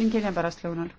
ning hiljem pärastlõunal.